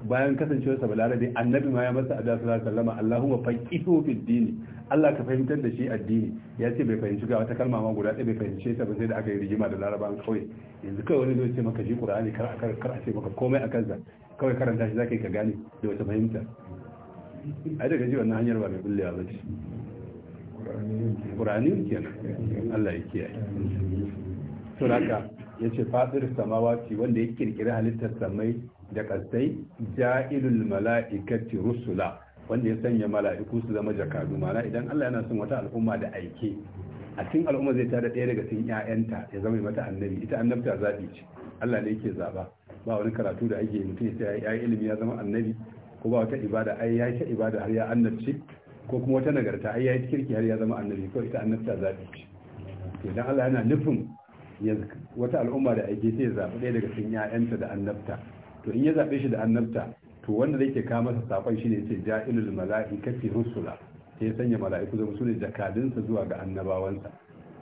bayan kasancewarsa balarabe annabi ma ya masa a su sallallahu alaihi wasallam Allahumma faqihu fid din Allah ka fahimtar da shi addini ya ce bai fahimci ga wata kalma ma guda ɗaya bai fahimce ta ba sai da aka yi rigima da larabawan kawai yanzu kawai wani zai ce maka shi qur'ani kar kar kar ce maka komai akan sa kawai karanta shi zaka yi ka gane da wata fahimta ai daga ji wannan hanyar ba mai bullewa ba ce qur'ani kenan Allah ya kiyaye to haka yace fadir samawati wanda ya kirkiri halittar samai da kasai ja'ilul mala'ikati rusula wanda ya sanya mala'iku su zama jakadu mana idan Allah yana son wata al'umma da aike a cikin al'umma zai tada ɗaya daga cikin ƴaƴanta ya zama mata annabi ita annabta zabi ce Allah ne yake zaba ba wani karatu da ake mutum ya ya ilimi ya zama annabi ko ba wata ibada ai ya ta ibada har ya annabci ko kuma wata nagarta ai ya yi kirki har ya zama annabi ko ita annabta zabi ce idan Allah yana nufin wata al'umma da aike sai ya zabi ɗaya daga cikin ƴaƴanta da annabta to in ya zabe shi da annabta to wanda zai ke kawo masa saƙon shine ce ja'ilul mala'ikati rusula sai ya sanya mala'iku zama su ne jakadunsa zuwa ga annabawansa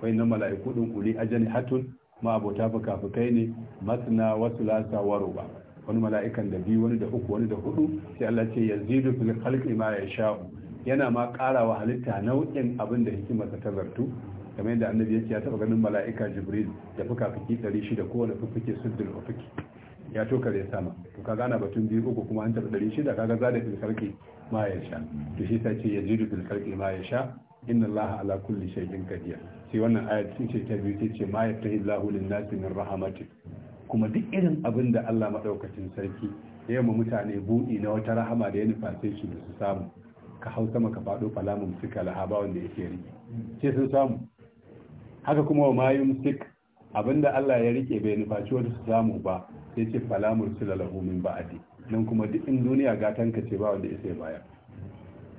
na mala'iku din kuli ajani hatun ma abota fuka kai ne masna wasu lasa waro ba wani mala'ikan da biyu wani da uku wani da hudu sai Allah ce ya zidu fil khalqi ma ya sha'u yana ma karawa halitta nau'in abin da hikimarsa ta zartu kamar yadda annabi ya ce ya taba ganin mala'ika jibril da fuka-fuki 600 kowane fuffuke suddul ufuki ya ya sama to ka gana batun biyu uku kuma an taɓa ɗari shida kaga zada fil sarki ma ya sha to shi ta ce yazidu fil sarki ma ya sha inna allaha ala kulli shay'in qadir sai wannan aya ce ce ta biyu ce ma yaftahi allahu lin nasi min rahmati kuma duk irin abin da Allah madaukakin sarki ya yi mutane buɗi na wata rahama da ya nufa shi su su samu ka hau sama ka faɗo falamun suka lahaba wanda yake rike sai sun samu haka kuma wa mayun sik abinda Allah ya rike bai nufaci wata su samu ba sai ce fala mursila lahu min nan kuma duk in duniya gatan ka ce ba wanda ya baya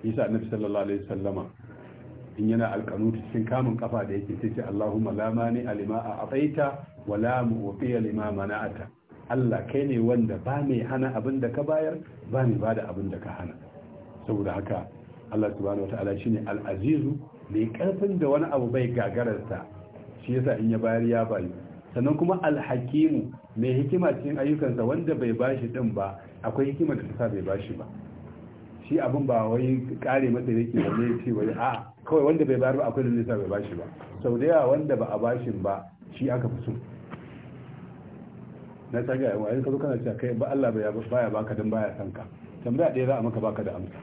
isa annabi sallallahu alaihi sallama in yana alkanu cikin kamun kafa da yake sai ce Allahumma la mani alima a afaita wa la mu'tiya lima mana'ata Allah kai ne wanda ba mai hana abin da ka bayar ba mai bada abin da ka hana saboda haka Allah subhanahu wataala shine al-azizu mai karfin da wani abu bai gagararsa shi yasa in ya bayar ya bayu sannan kuma alhakimu mai hikima cikin ayyukansa wanda bai bashi din ba akwai hikima da ta bai bashi ba shi abin ba wai kare masa yake ba ne ce wai a kawai wanda bai bayar ba akwai da nisa bai bashi ba sau da yawa wanda ba a bashin ba shi aka fi so na ta gaya wani kazo kana cewa kai ba Allah baya baka dan baya san ka tambaya ɗaya za a maka baka da amsa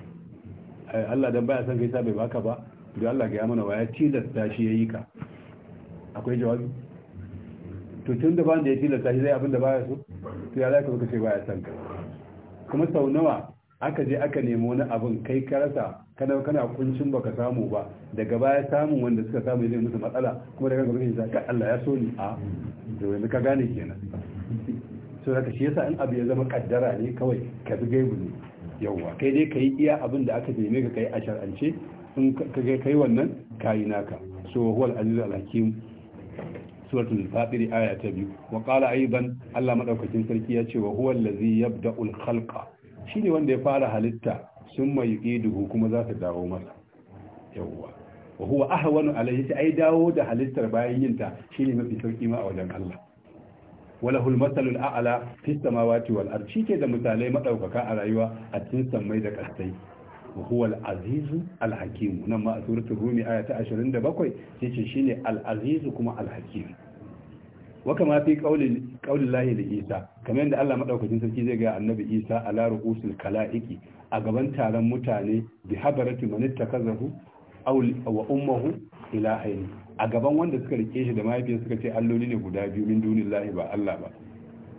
eh, Allah dan baya san ka sa bai baka ba don Allah ga ya mana waya tilasta shi ya yi ka akwai jawabi to tun da ba da ya tilasta shi zai abin da baya so to ya zaka baka ce baya san ka kuma sau nawa aka je aka nemi wani abin kai ka rasa kana kana kuncin baka samu ba daga baya samun wanda suka samu zai musu matsala kuma daga gaba sai ka Allah ya so ni a to yanzu ka gane kenan so haka shi yasa in abu ya zama kaddara ne kawai ka bi gaibu ne yawwa kai dai kai iya abin da aka neme ka kai a shar'ance in ka kai wannan kayi naka so huwal azizul hakim suratul fatir aya ta biyu wa qala aidan Allah madaukakin sarki ya ce wa huwa allazi yabda'ul khalqa shine wanda ya fara halitta summa yuqiduhu kuma za ta dawo masa yawwa wa huwa ahwanu alayhi ai dawo da halittar bayan yinta shine mafi sauki ma a wajen Allah walahu almasalul a'la fis samawati wal ardi shike da misalai madaukaka a rayuwa a cikin sammai da kastai wa huwa al-azizu al nan ma a suratul rumi aya ta ashirin da 27 yace shine al kuma alhakimu hakim wa fi qaulin qaulillahi Isa kamar yadda Allah madaukakin sarki zai ga annabi Isa ala ru'usil kalaiki a gaban taron mutane bi habarati man ittakazahu aw wa ummuhu ilahaini a gaban wanda suka rike shi da mahaifiyarsa suka ce alloli ne guda biyu min dunillahi ba Allah ba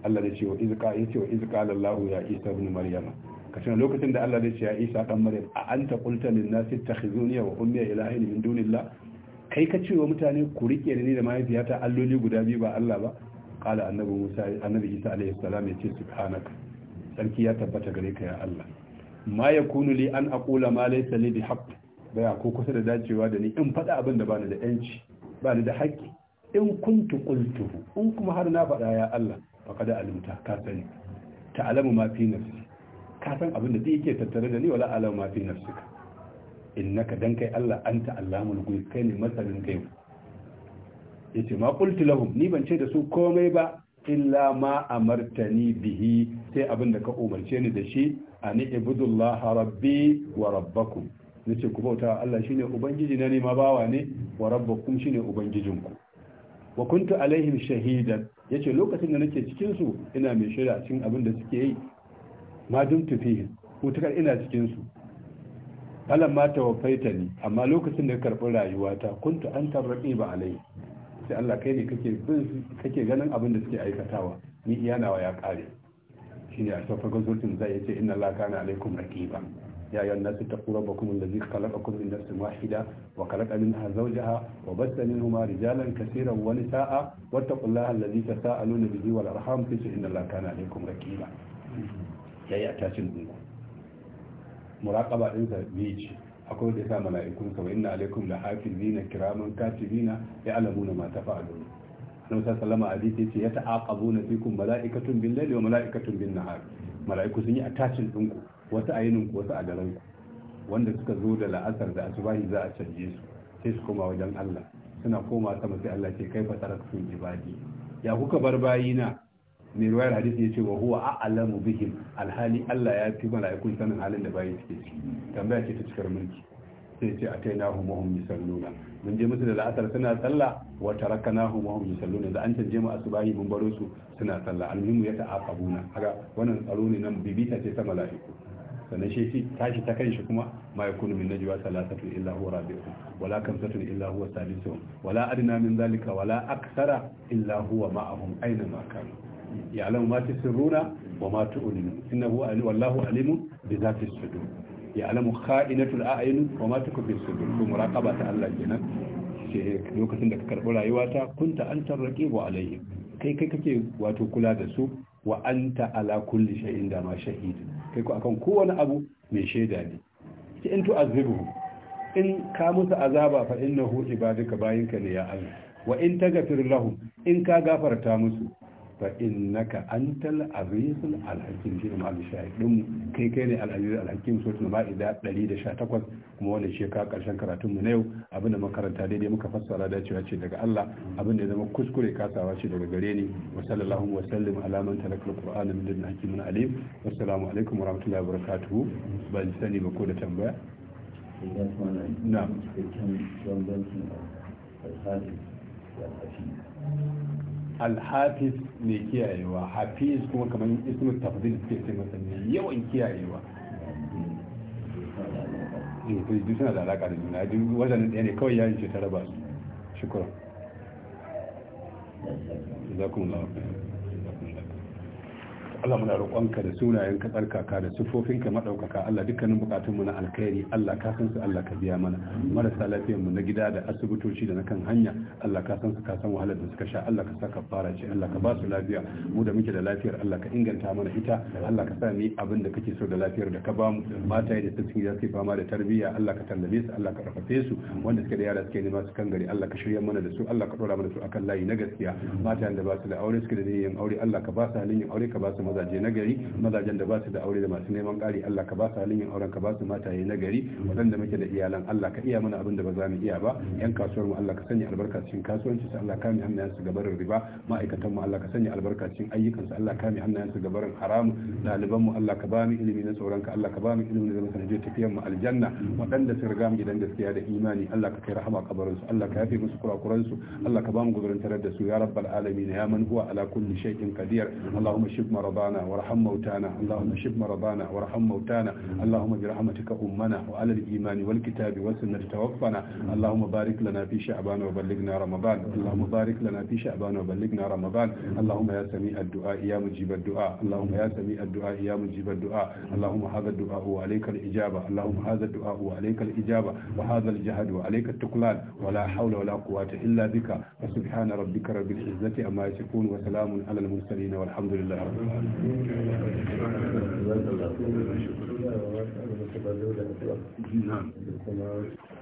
Allah da cewa izqa yace wa izqa lallahu ya Isa ibn Maryama ka lokacin da Allah zai ce ya Isa dan Maryam a anta qulta lin nasi ittakhizuni wa ummi ilahin min dunillah kai ka ce wa mutane ku rike ni da mahaifiyata alloli guda biyu ba Allah ba qala annabi Musa annabi Isa alaihi salam ya ce subhanaka sarki ya tabbata gare ka ya Allah ma yakunu li an aqula ma laysa li bihaqq baya ko kusa da dacewa da ni in faɗa abin da bani da yanci bani da haƙƙi in kuntu qultuhu in kuma har na faɗa ya Allah faqad alimta ka sani ta'lamu ma fi nafsi ka san abin da yake tattare da ni wala alam ma fi nafsika innaka dan kai Allah anta allamul ghaib kai ne masalin kai yace ma qultu lahum ni ban ce da su komai ba illa ma amartani bihi sai abin da ka umarce ni da shi ani ibudullah rabbi wa rabbakum nace ku bauta Allah shine ubangiji na ne ma bawa ne wa rabbakum shine ubangijinku wa kuntu alaihim shahidan yace lokacin da nake cikin su ina mai shari'a cikin abin da suke yi ma dumtu fihi mutakar ina cikin su alam ma tawaffaita ni amma lokacin da karbi rayuwata kuntu antar raqiba alai sai Allah kai ne kake bin kake ganin abin da suke aikatawa ni iya nawa ya kare shi ne a safar gazotin zai yace inna Allah kana alaikum raqiba ya ayyuhan nasu taqu rabbakum alladhi khalaqakum min nafsin wahida wa khalaqa minha zawjaha wa bassa minhuma rijalan katiran wa nisaa wattaqullaha alladhi tasaaluna bihi wal arham inna Allah kana alaikum raqiba Thank ya yi a tashin ɗinku muraƙaba ɗinsa biyu ce akwai da ya sa mala'ikun kawai ina alaikun da hafizina kiraman zina ya alamu na mata fa'alu annabi sallallahu alaihi wasallam ce ya na fikum mala'ikatun bil layli wa mala'ikatun bin nahar mala'iku sun yi a tashin ɗinku wasu a yinin wasu a daren wanda suka zo da la'asar da asubahi za a canje su sai su koma wajen Allah suna koma sama sai Allah ce kai fa sun ibadi ya kuka bar bayina mai ruwayar hadisi ya ce wa huwa a'lamu bihim alhali Allah ya fi mala'ikun sanin halin da bayi suke ciki tambaya ce ta cikar mulki sai ce a atainahu wa hum yusalluna mun je musu da la'asar suna sallah wa na wa hum yusalluna da an canje mu asubahi mun baro su suna sallah almuhimu ya ta'aqabuna kaga wannan tsaro ne nan bibita ce ta mala'iku sannan shi fi tashi ta kanshi kuma ma ya kunu min najwa salasatun illa huwa rabi'uhum wala kamsatun illa huwa salisuhum wala adna min zalika wala aksara illa huwa ma'ahum aina ma kanu ya'lamu ma tusirruna wa ma tu'linu innahu wallahu alimun bi zati sudur ya'lamu kha'inatul a'yun wa ma tukfi sudur ko muraqaba ta Allah kenan ce lokacin da ka karɓi rayuwata kunta antar raqibu alaihim kai kai kake wato kula da su wa anta ala kulli shay'in da ma shahid kai ko akan kowane abu mai shaida ne ce in tu'azibu in ka musu azaba fa innahu ibaduka bayinka ne ya Allah wa in taghfir lahum in ka gafarta musu fa innaka antal azizul alhakim shi ne ma'al shahidin kai kai ne al'azizul alhakim suratul ma'ida 118 kuma wannan shi ka karshen karatun mu na yau abin da makaranta daidai muka fassara dacewa ce daga Allah abin da ya zama kuskure kasawa ce daga gare ni wa sallallahu wa sallim ala man talakal qur'ana min ladun hakimin alim wassalamu alaikum wa rahmatullahi wa barakatuhu ban sani ba ko da tambaya na'am alhafiz mai kiyayewa hafiz kuma kamar ismu tafdil suke ce masa ne yawan kiyayewa eh duk suna da alaka da juna duk wajen ɗaya ne kawai yayin ce ta Allah muna roƙonka da sunayen ka tsarkaka da sufofin ka madaukaka Allah dukkanin bukatun mu na alkhairi Allah ka san su Allah ka biya mana marasa lafiyar mu na gida da asibitoci da na kan hanya Allah ka san su ka san wahalar da suka sha Allah ka saka fara ce Allah ka ba su lafiya mu da muke da lafiyar Allah ka inganta mana ita Allah ka sa ni abin da kake so da lafiyar da ka ba mu mata da su cikin suke fama da tarbiyya Allah ka tallabe su Allah ka rafafe su wanda suke da yara suke nema su kan gari Allah ka shirya mana da su Allah ka dora mana su akan layi na gaskiya mata da ba su da aure suke da niyyar aure Allah ka ba su halin yin aure ka ba su mazaje na gari mazajen da ba su da aure da masu neman ƙari Allah ka ba su halin yin auren ka ba su mataye na gari waɗanda muke da iyalan Allah ka iya mana abin da ba za mu iya ba yan kasuwar mu Allah ka sanya albarka cikin kasuwanci su Allah ka mi hannayen su gabarin riba ma'aikatan mu Allah ka sanya albarka cikin ayyukan su Allah ka mi hannayen su gabarin haramu ɗaliban mu Allah ka ba mu ilimi na tsoron ka Allah ka ba mu ilimi da zama je tafiyar mu aljanna waɗanda su riga mu gidan gaskiya da imani Allah ka kai rahama kabarin su Allah ka yafe musu kurakuran su Allah ka ba mu gudurin da su ya rabbal alamin ya man huwa ala kulli shay'in qadir Allahumma shif مرضانا وارحم موتانا اللهم شف مرضانا وارحم موتانا اللهم برحمتك أمنا وعلى الإيمان والكتاب والسنة توفنا اللهم بارك لنا في شعبان وبلغنا رمضان اللهم بارك لنا في شعبان وبلغنا رمضان اللهم يا سميع الدعاء يا مجيب الدعاء اللهم يا سميع الدعاء يا مجيب الدعاء اللهم هذا الدعاء وعليك الإجابة اللهم هذا الدعاء وعليك الإجابة وهذا الجهد وعليك التقلال ولا حول ولا قوة إلا بك فسبحان ربك رب العزة أما يشكون وسلام على المرسلين والحمد لله رب العالمين Thank you.